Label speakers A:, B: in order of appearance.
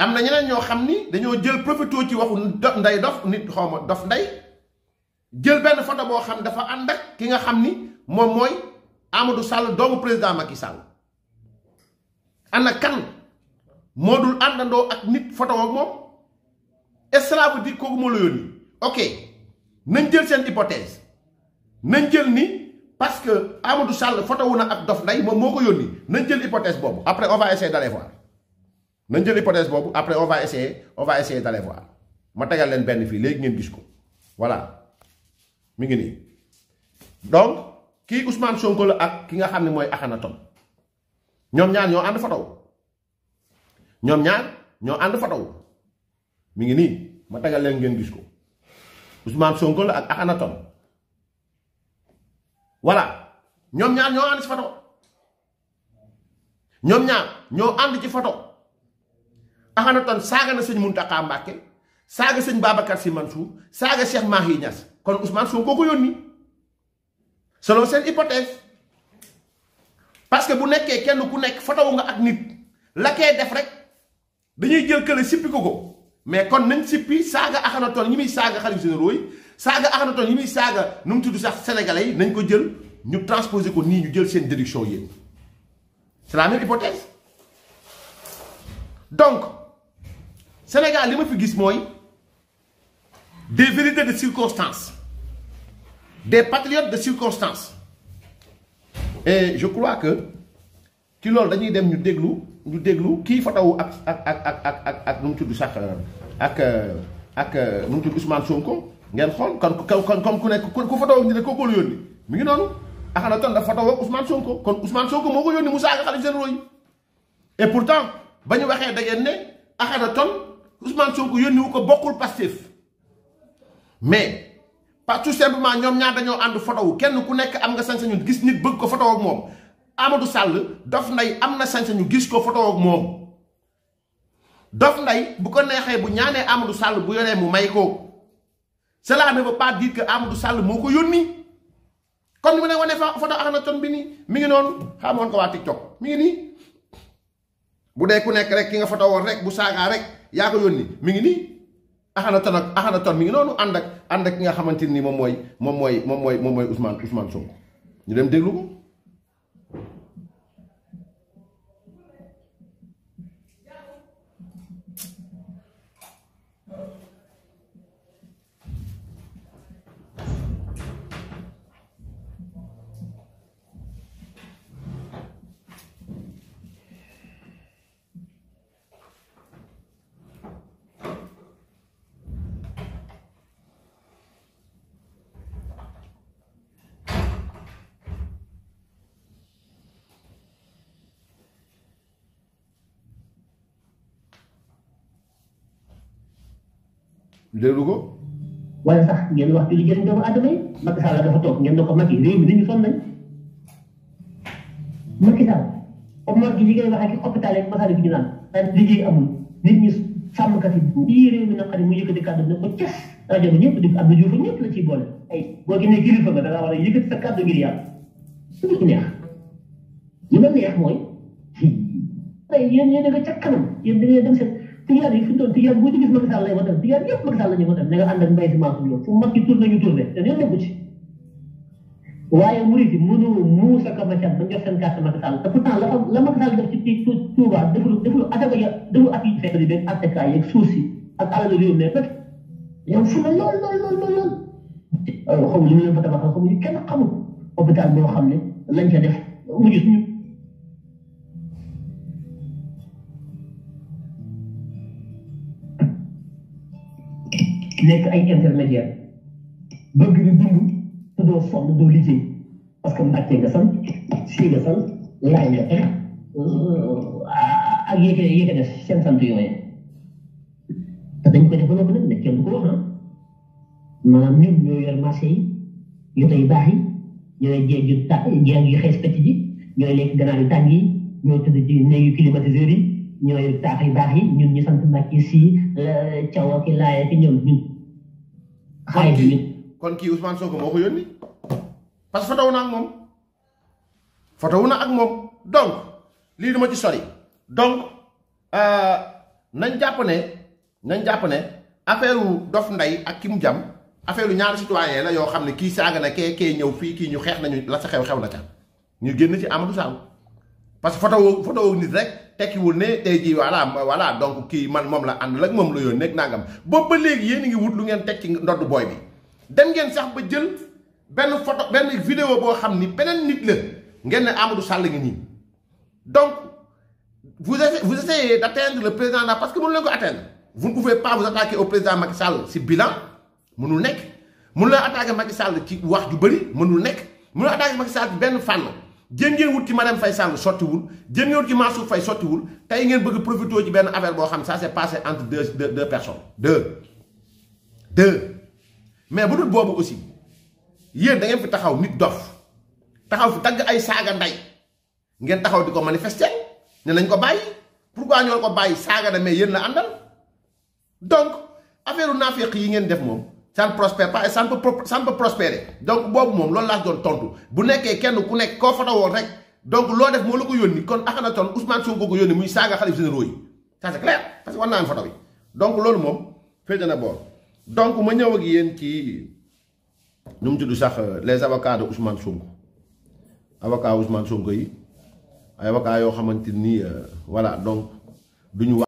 A: am na ñeneen ñoo xam ni dañoo jël profité ci waxu nday dof nit xaw ma dof nday jël benn photo boo xam dafa ànd ak ki nga xam ni moom mooy Amadou Sall doomu président Macky Sall ana kan moo dul àndandoo ak nit photo ak moom et cela kooku moo la yónni ok nañ jël seen hypothèse nañ jël ni parce que Amadou Sall photo wu na ak Dof Ndeye moom moo ko yónni nañ jël hypothèse boobu après on va essayer nañ jël hypothèse boobu après on va essayer on va essayer d'aller voir ma tegal leen benn fii léegi ngeen gis ko voilà mi ngi nii donc kii Ousmane Sonko la ak ki nga xam ne mooy Akhenaton ñoom ñaar ñoo ànd photo ñoom ñaar ñoo ànd photo mi ngi nii ma tegal leen ngeen gis ko Ousmane Sonko la ak Akhenaton voilà ñoom ñaar ñoo ànd ci foto ñoom ñaar ñoo ànd ci foto taxana tan saga na seigne muntaka mbacke saga seigne babacar si mansour saga cheikh mahi nias kon ousmane sonko ko yoni selon sen hypothèse parce que bu nekké kenn ku nek photo nga ak nit kay def rek dañuy jël keule sipi ko ko mais kon nañ sipi saga axana ton ñimi saga khalif généraux saga axana ton ñimi saga num tuddu sax sénégalais yi nañ ko jël ñu transposer ko ni ñu jël sen déduction yeen c'est la même hypothèse donc Sénégal il que fi gis des vérités de circonstances des patriotes de circonstances et je crois que tu le dañuy dem ñu déglu ñu déglu nous fotowu ak ak ak ak ak ak ak nu nous tudd euh, ak euh, ak euh, nous Ousmane Sonko ngeen comme ku ku ne kooku mi ngi nous Ousmane Sonko et pourtant quand on a nous ngeen ton Ousmane Sonko yónni wu ko bokkul Pastef mais parce tout simplement ñoom ñaar dañoo ànd fotowu kenn ku nekk am nga sañ-sañu gis nit bëgg ko fotow moom amatu sàll Dof Ndeye am na sañ-sañu gis ko fotow ak moom Dof Ndeye bu ko neexee bu ñaanee amatu sàll bu yoree mu may ko cela ne veut pas dire que Amadou moo ko yónni kon mu ne wane fa na Akhenaton bi nii mi ngi noonu xamoon ko waa TikTok mi ngi nii bu dee ku nekk rek ki nga foto rek bu saagaa rek. yaa ko yónni mi ngi nii axana tan ak axana tan mi ngi noonu ànd ak ànd ak ki nga xamante ni moom mooy moom mooy moom mooy moom mooy Ousmane Ousmane Sonko ñu dem déglu ko
B: déglu ko. wala sax ngeen wax ci li gën doomu aadama yi Macky Sall dafa toog ngeen ne ko Macky réew mi dañu sonn nañ Macky Sall comme Macky li ngay wax ak hôpital yeeg Macky bi naan daan liggéey amul nit ñi sàmmkat yi bii réew mi naqari mu yëkkati kàddu ne ko rajo ñëpp di Abdou la ci boole ay boo génnee kilifa nga da ngaa war a yëkkati sa kàddu ngir yàlla suñu neex li ma neex mooy fii yéen yéen a nga ca dem seen tiyaar yi fi doon tiyaar boo ci gis Macky Sall lay watal tiyaar yëpp Macky Sall la ñu watal ne nga ànd ak mbay si maakum yow fu Macky tourné ñu tourné te ñoo nekku ci waaye murid mënu muusa ka macat ba jox seen carte Macky Sall te pourtant la la Macky Sall def ci ci Touba deful deful ataka ya deful at yi fekk di benn ataka yeeg suuf si ak alal réew mais fekk ñoom fu na lool lool lool lool lool xamu li ñu leen fa tabaxal xamu ñu kenn xamul hôpital boo xam lañ ca def mu gis ñu nekk ay intermédiaire bëgg di dund te doo sonn doo liggéey parce que mbàccee nga sant si nga sant laay nga sant ak yéeg yéeg def seen sant yooyu te dañ ko def ba noppi nag ne kenn du ko wax ah maanaam ñun ñoo yor marché yi yu tey baax yi ñooy jéeg yu ta jéeg yu xees pëcc ji ñooy lekk ganaar yu tàng yi ñooy tëdd ci néeg yu climatiseur yi ñooy taax yu baax yi ñun ñu sant Macky si la caw ak laay ak ñoom ñun. xaay bi ñun kon kii Ousmane Sonko moo ko yónni parce que fotowu na ak moom
A: fotowu na ak moom donc lii dama ci sori donc nañ jàpp ne nañ jàpp ne affaire dof ndey ak ki mu jam affaire lu ñaari citoyen la yoo xam ne kii na kee kee ñëw fii kii ñu xeex nañu la sa xew xew na ca ñu génn ci Amadou Sall parce que foto nit rek. tekkiwul ne tey jii voilà voilà donc ki man mom la and lak mom la yon nek nangam bo ba léegi yéen ngi wut lu ngeen tek ci ndodd bi dem ngeen sax ba jël ben photo ben vidéo bo xamni benen nit la ngeen ne Amadou Sall ngi ni donc vous essayez vous essayez le président là parce que mon le ko atteindre vous ne pouvez pas vous attaquer au président Macky Sall si bilan mënul nek mënul attaquer Macky Sall ci wax ju bëri mënul nek mënul attaquer Macky Sall ben fan jën ngeen wut ci madame fay sall sottiwul jën ngeen wut ci masou fay wul tay ngeen bëgg profito ci ben affaire bo xam ça c'est passé entre deux deux deux personnes deux deux mais bu dul bobu aussi yeen da ngeen fi taxaw nit dof taxaw fi tag ay saga nday ngeen taxaw di manifester ne lañ ko bayyi pourquoi ñoo ko bayyi saga da mais yeen la andal donc affaire nafiq yi ngeen def mom ça ne prospère pas et ça ne peut ça ne peut prospérer donc boobu moom loolu laa doon tontu bu nekkee kenn ku nekk koo foto woon rek donc loo def moo la ko yónni kon axana ton Ousmane Sonko ko yónni muy saaga xalif généraux yi ça c'est clair parce que war naa foto donc loolu moom féete na boor donc ma ñëw ak yéen ci nu mu sax euh, les avocats de Ousmane Sonko Avocat Ousmane Sonko yi ay avocats yoo euh, voilà donc duñu